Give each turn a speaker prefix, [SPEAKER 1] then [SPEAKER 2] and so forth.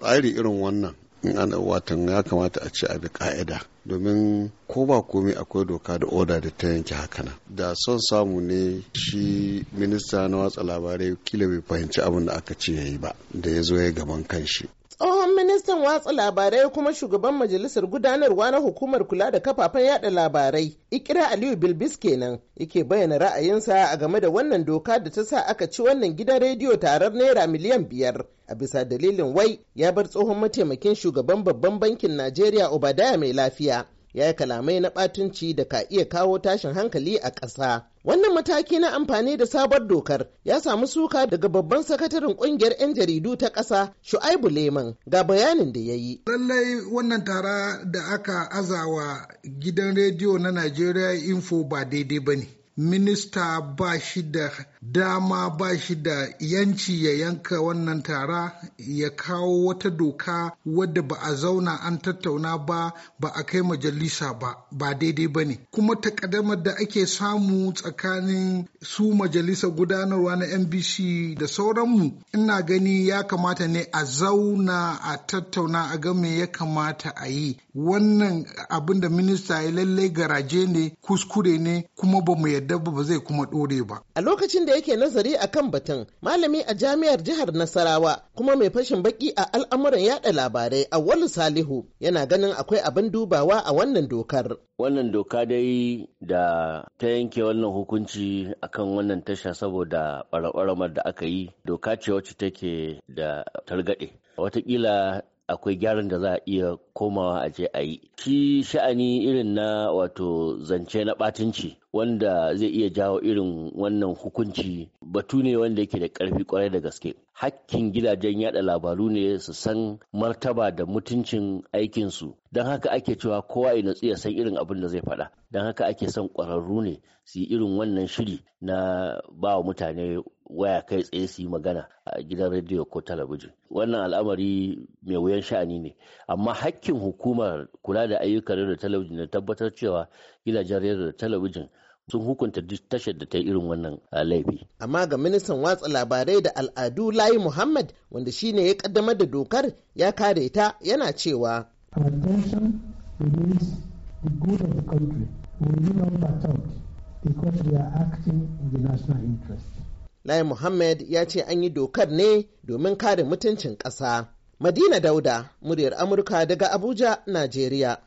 [SPEAKER 1] tsari irin wannan in ana watan ya kamata a ce a bi ka'ida domin ko ba komai akwai doka da oda da ta yanke hakana da son samu ne shi minista na watsa labarai kila bai fahimci abin da aka ce ya yi ba da ya zo ya gaban kanshi
[SPEAKER 2] Tsohon ministan watsa labarai kuma shugaban majalisar gudanarwa na hukumar kula da kafafen yada labarai, Ikira Aliyu Bilbis kenan, yake bayyana ra'ayinsa a game da wannan doka da ta sa aka ci wannan gidan rediyo tarar naira miliyan biyar. A bisa dalilin wai ya bar tsohon mataimakin shugaban babban bankin Najeriya Obadaya mai lafiya. ya yi kalamai na ɓatunci da ka iya kawo tashin hankali a ƙasa. Wannan mataki na amfani da sabon dokar ya samu suka daga babban sakataren ƙungiyar 'yan jaridu ta ƙasa Shu'aibu Leman ga bayanin da ya yi.
[SPEAKER 1] Lallai wannan tara da aka azawa gidan rediyo na Najeriya Info ba daidai ba ne. minista ba shi da dama ba shi da yanci ya yanka wannan tara ya kawo wata doka wadda ba a zauna an tattauna ba ba a kai majalisa ba ba daidai ba ne kuma takaddamar da ake samu tsakanin su majalisa gudanarwa na nbc da sauranmu ina gani ya kamata ne a zauna a tattauna a ga me ya kamata a yi wannan abin da minista ya lallai garaje ne kuskure ne kuma ba mu yadda dabba ba zai kuma ɗore ba.
[SPEAKER 2] A lokacin da yake nazari a kan batun, malami a jami'ar jihar Nasarawa kuma mai fashin baki a al'amuran yada labarai Auwalu Salihu yana ganin akwai abin dubawa a wannan dokar.
[SPEAKER 3] Wannan doka dai da ta yanke wannan hukunci akan wannan tasha saboda ɓaraɓaramar da aka yi doka ce wacce take da targaɗe. Watakila akwai gyaran da za a iya komawa a je a yi shi sha'ani irin na wato zance na ɓatanci wanda zai iya jawo irin wannan hukunci batu ne wanda yake da ƙarfi kwarai da gaske hakkin gidajen yada labaru ne su san martaba da mutuncin aikinsu don haka ake cewa kowa ya natsu san irin abin da zai faɗa don haka ake son ƙwararru ne su yi irin wannan shiri na bawa wa mutane waya kai tsaye su yi magana a gidan rediyo ko talabijin wannan al'amari mai wuyan sha'ani ne amma hakkin hukumar kula da ayyukan rediyo da talabijin na tabbatar cewa gidajen rediyo da talabijin sun hukunta tashar da ta yi irin wannan ah, laifi.
[SPEAKER 2] Amma ga ministan watsa labarai da al'adu Layi Muhammad wanda shi ne ya kaddamar da dokar ya kare ta yana cewa.
[SPEAKER 1] because we are acting in the national interest.
[SPEAKER 2] Lai Muhammad ya ce an yi dokar ne domin kare mutuncin ƙasa. Madina Dauda, muryar Amurka daga Abuja, Najeriya.